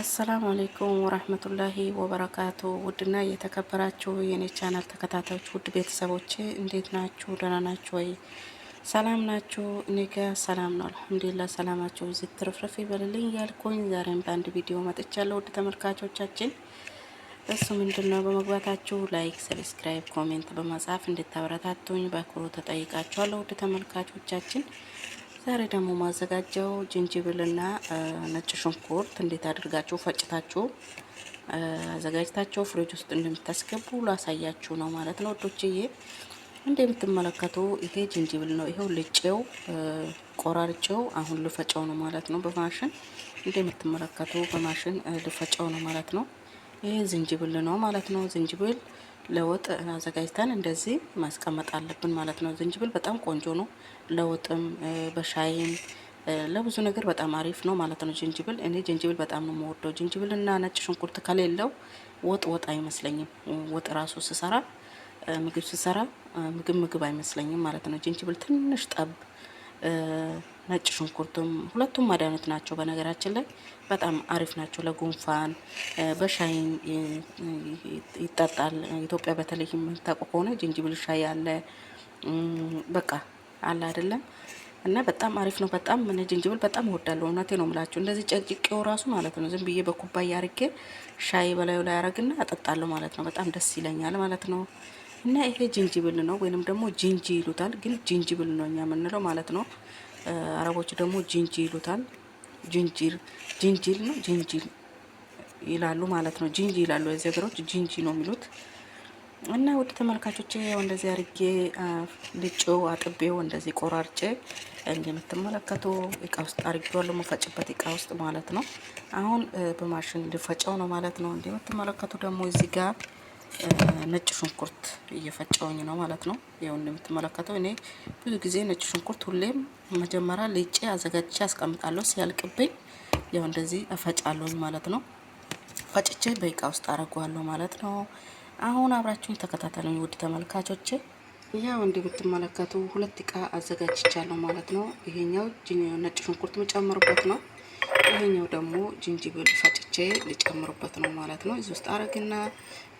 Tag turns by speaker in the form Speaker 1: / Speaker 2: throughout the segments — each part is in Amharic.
Speaker 1: አሰላሙ አሌይኩም ወራህመቱላሂ ወበረካቱ። ውድና እየተከበራችሁ የኔ ቻናል ተከታታዮች ውድ ቤተሰቦቼ እንዴት ናችሁ? ደህና ናችሁ ወይ? ሰላም ናችሁ? እኔ ጋ ሰላም ነው አልሐምዱሊላህ። ሰላማችሁ ብዙ ትርፍርፍ ይበልልኝ ያልኩኝ ዛሬም በአንድ ቪዲዮ መጥቻለሁ። ውድ ተመልካቾቻችን እሱ ምንድን ነው በመግባታችሁ ላይክ፣ ሰብስክራይብ፣ ኮሜንት በመጻፍ እንድታበረታቱኝ በአክብሮት ተጠይቃችኋለሁ። ውድ ተመልካቾቻችን ዛሬ ደግሞ ማዘጋጀው ጅንጅብልና ነጭ ሽንኩርት እንዴት አድርጋችሁ ፈጭታችሁ አዘጋጅታችሁ ፍሪጅ ውስጥ እንደምታስገቡ ላሳያችሁ ነው ማለት ነው ወዶችዬ። እንደምትመለከቱ ይሄ ጅንጅብል ነው። ይሄው ልጬው ቆራርጬው አሁን ልፈጨው ነው ማለት ነው በማሽን እንደምትመለከቱ በማሽን ልፈጨው ነው ማለት ነው። ይሄ ዝንጅብል ነው ማለት ነው። ዝንጅብል ለወጥ አዘጋጅተን እንደዚህ ማስቀመጥ አለብን ማለት ነው። ዝንጅብል በጣም ቆንጆ ነው። ለወጥም በሻይም ለብዙ ነገር በጣም አሪፍ ነው ማለት ነው። ዝንጅብል እኔ ዝንጅብል በጣም ነው የምወደው። ዝንጅብል እና ነጭ ሽንኩርት ከሌለው ወጥ ወጥ አይመስለኝም። ወጥ ራሱ ስሰራ ምግብ ስሰራ ምግብ ምግብ አይመስለኝም ማለት ነው። ዝንጅብል ትንሽ ጠብ ነጭ ሽንኩርትም ሁለቱም መድኃኒት ናቸው። በነገራችን ላይ በጣም አሪፍ ናቸው። ለጉንፋን በሻይም ይጠጣል። ኢትዮጵያ በተለይ የምታውቁ ከሆነ ጅንጅብል ሻይ አለ። በቃ አለ አይደለም እና በጣም አሪፍ ነው። በጣም ምን ጅንጅብል በጣም እወዳለሁ። እውነቴ ነው የምላችሁ። እንደዚህ ጨቅጭቄው ራሱ ማለት ነው ዝም ብዬ በኩባያ አርጌ ሻይ በላዩ ላይ አረግና አጠጣለሁ ማለት ነው። በጣም ደስ ይለኛል ማለት ነው። እና ይሄ ጅንጅብል ነው ወይንም ደግሞ ጅንጂ ይሉታል፣ ግን ጅንጅብል ነው እኛ የምንለው ማለት ነው። አረቦች ደግሞ ጅንጂ ይሉታል። ጅንጅር ጅንጅል ነው ጅንጂር ይላሉ ማለት ነው። ጅንጂ ይላሉ የዚህ ሀገሮች ጅንጂ ነው የሚሉት። እና ውድ ተመልካቾች ያው እንደዚህ አርጌ ልጬው አጥቤው እንደዚህ ቆራርጬ እንደምትመለከቱ እቃ ውስጥ አርጌዋለሁ። መፈጭበት እቃ ውስጥ ማለት ነው። አሁን በማሽን ልፈጨው ነው ማለት ነው። እንደምትመለከቱ ደግሞ እዚህ ጋር ነጭ ሽንኩርት እየፈጨውኝ ነው ማለት ነው። ይኸው እንደምትመለከተው እኔ ብዙ ጊዜ ነጭ ሽንኩርት ሁሌም መጀመሪያ ልጬ አዘጋጅቼ አስቀምጣለሁ። ሲያልቅብኝ ያው እንደዚህ እፈጫለሁኝ ማለት ነው። ፈጭቼ በእቃ ውስጥ አደርገዋለሁ ማለት ነው። አሁን አብራችሁን ተከታተሉኝ ውድ ተመልካቾቼ። ያው እንደምትመለከቱ ሁለት እቃ አዘጋጅቻለሁ ማለት ነው። ይሄኛው ነጭ ሽንኩርት መጨመርበት ነው። ይሄኛው ደግሞ ጅንጅብል ፈጭቼ ልጨምርበት ነው ማለት ነው። እዚህ ውስጥ አረግና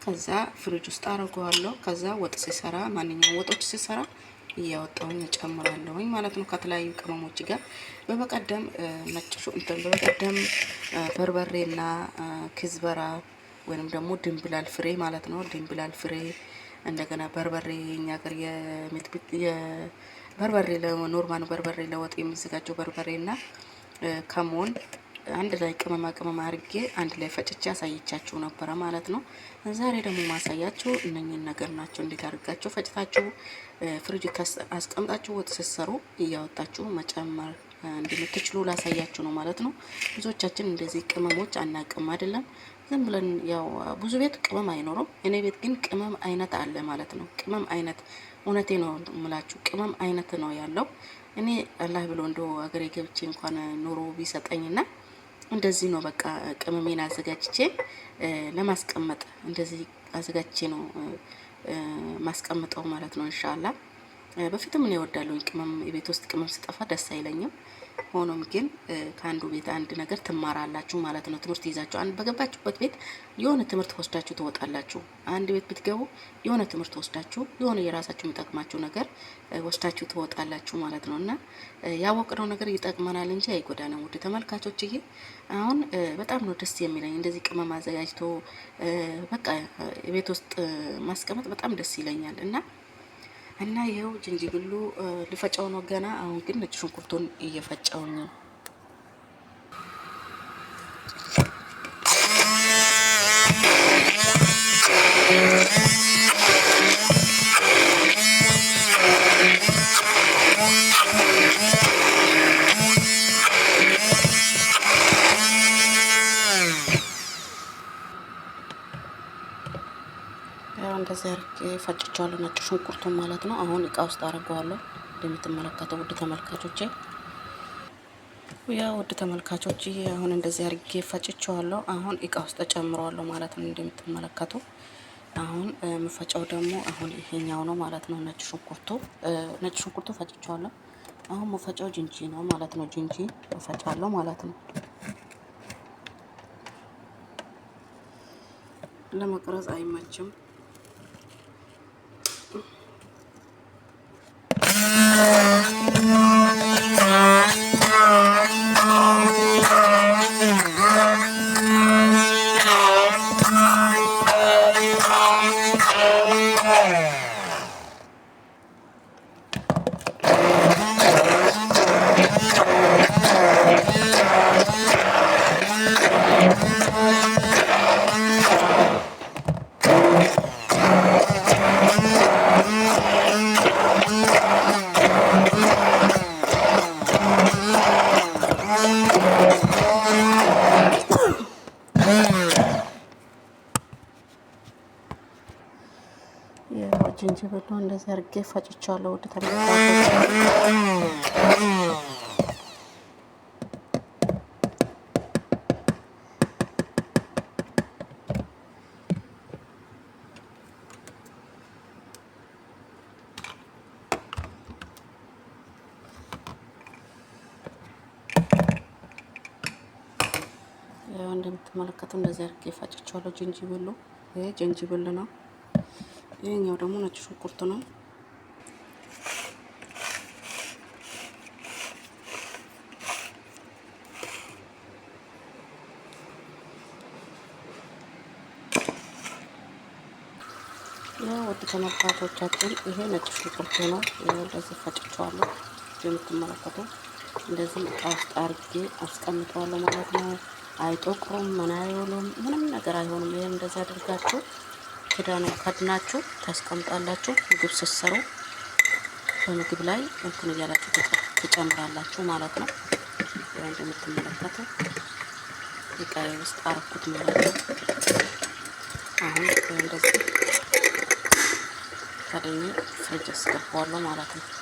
Speaker 1: ከዛ ፍሪጅ ውስጥ አረገዋለሁ። ከዛ ወጥ ሲሰራ ማንኛውም ወጦች ሲሰራ እያወጣሁኝ እጨምራለሁኝ ማለት ነው ከተለያዩ ቅመሞች ጋር። በበቀደም ነጭ እንትን በበቀደም በርበሬና ክዝበራ ወይንም ደግሞ ድንብላል ፍሬ ማለት ነው ድንብላል ፍሬ እንደገና በርበሬ እኛ ሀገር የበርበሬ ኖርማኑ በርበሬ ለወጥ የሚዘጋጀው በርበሬና ከሞን አንድ ላይ ቅመማ ቅመም አድርጌ አንድ ላይ ፈጭቼ ያሳየቻችሁ ነበረ ማለት ነው። ዛሬ ደግሞ ማሳያችሁ እነኝን ነገር ናቸው። እንዴት አድርጋችሁ ፈጭታችሁ ፍሪጅ አስቀምጣችሁ ወጥ ስትሰሩ እያወጣችሁ መጨመር እንደምትችሉ ላሳያችሁ ነው ማለት ነው። ብዙዎቻችን እንደዚህ ቅመሞች አናቅም አይደለም። ዝም ብለን ያው ብዙ ቤት ቅመም አይኖርም። እኔ ቤት ግን ቅመም አይነት አለ ማለት ነው። ቅመም አይነት እውነቴ ነው የምላችሁ፣ ቅመም አይነት ነው ያለው። እኔ አላህ ብሎ እንደ ሀገሬ ገብቼ እንኳን ኑሮ ቢሰጠኝና እንደዚህ ነው በቃ ቅመሜን አዘጋጅቼ ለማስቀመጥ እንደዚህ አዘጋጅቼ ነው ማስቀምጠው ማለት ነው። እንሻላ በፊትም እኔ እወዳለሁኝ ቅመም የቤት ውስጥ ቅመም ስጠፋ ደስ አይለኝም። ሆኖም ግን ከአንዱ ቤት አንድ ነገር ትማራላችሁ ማለት ነው። ትምህርት ይዛችሁ አንድ በገባችሁበት ቤት የሆነ ትምህርት ወስዳችሁ ትወጣላችሁ። አንድ ቤት ብትገቡ የሆነ ትምህርት ወስዳችሁ የሆነ የራሳችሁ የሚጠቅማችሁ ነገር ወስዳችሁ ትወጣላችሁ ማለት ነው እና ያወቅነው ነገር ይጠቅመናል እንጂ አይጎዳንም። ውድ ተመልካቾችዬ፣ አሁን በጣም ነው ደስ የሚለኝ እንደዚህ ቅመም አዘጋጅቶ በቃ ቤት ውስጥ ማስቀመጥ በጣም ደስ ይለኛል እና እና ይኸው ጅንጅብሉ ልፈጫው ነው ገና። አሁን ግን ነጭ ሽንኩርቱን እየፈጨውኝ ነው። እንደዚህ አርጌ ፈጭቸዋለሁ፣ ነጭ ሽንኩርቱን ማለት ነው። አሁን እቃ ውስጥ አድርገዋለሁ እንደምትመለከተው ውድ ተመልካቾቼ። ያ ውድ ተመልካቾች አሁን እንደዚህ አርጌ ፈጭቸዋለሁ። አሁን እቃ ውስጥ ተጨምረዋለሁ ማለት ነው እንደምትመለከቱ። አሁን የምፈጨው ደግሞ አሁን ይሄኛው ነው ማለት ነው። ነጭ ሽንኩርቱ ነጭ ሽንኩርቱ ፈጭቸዋለሁ። አሁን መፈጫው ጅንጂ ነው ማለት ነው። ጅንጂ መፈጫለሁ ማለት ነው። ለመቅረጽ አይመችም። Yeah. ጅንጅብል እንደዚህ አድርጌ ፈጭቻለሁ። ወደ እንደምትመለከቱ እንደዚህ አድርጌ ፈጭቻለሁ። ጅንጅብሉ ይሄ ጅንጅብል ነው። ይህኛው ደግሞ ነጭ ሽንኩርት ነው። ውድ ተመልካቾቻችን ይሄ ነጭ ሽንኩርት ነው። እንደዚህ ፈጭቼዋለሁ የምትመለከቱ እንደዚህ እቃ ውስጥ አድርጌ አስቀምጠዋለሁ ማለት ነው። አይጦቁም፣ ምን አይሆኑም፣ ምንም ነገር አይሆኑም። ይህን እንደዚህ አድርጋችሁ ክዳኑ ከድናችሁ ታስቀምጣላችሁ። ምግብ ስትሰሩ በምግብ ላይ እንትን እያላችሁ ትጨምራላችሁ ማለት ነው። ያው እንደምትመለከቱ ቃይ ውስጥ አረኩት ማለት ነው። አሁን እንደዚህ ከድኜ ፍሪጅ አስገባዋለሁ ማለት ነው።